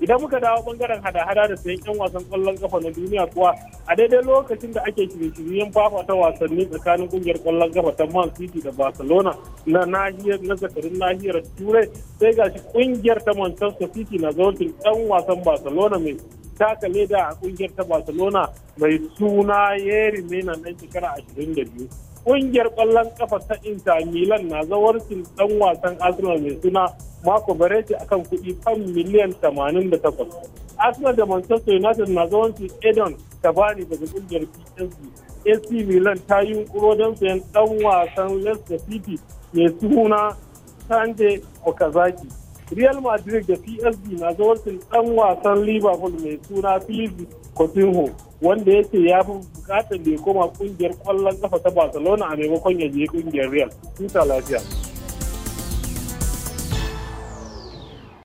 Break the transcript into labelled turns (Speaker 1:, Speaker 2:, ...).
Speaker 1: idan muka dawo bangaren hada-hada da sayan 'yan wasan kwallon kafa na duniya kuwa a daidai lokacin da ake shirye-shiryen ta wasanni tsakanin kungiyar kwallon kafa ta man city da barcelona na nahiyar na zakarin nahiyar turai sai ga shi kungiyar ta manchester city na zaunin 'yan wasan barcelona mai taka leda a kungiyar ta barcelona mai suna yeri mena na shekara ashirin da biyu kungiyar kwallon kafa ta inter milan na zawarcin dan wasan arsenal mai suna mako a akan kuɗi kan miliyan takwas. arsenal da manchester united na su edon tabani daga ƙungiyar psg ac milan ta yi yunkuro don sayan ɗan wasan leicester city mai suna sande okazaki real madrid da psg na su ɗan wasan liverpool mai suna Philippe coutinho wanda ya ce ya fi bukatar da ya koma ƙungiyar ƙwallon ƙafa ta barcelona a maimakon ya je ƙungiyar real tuta lafiya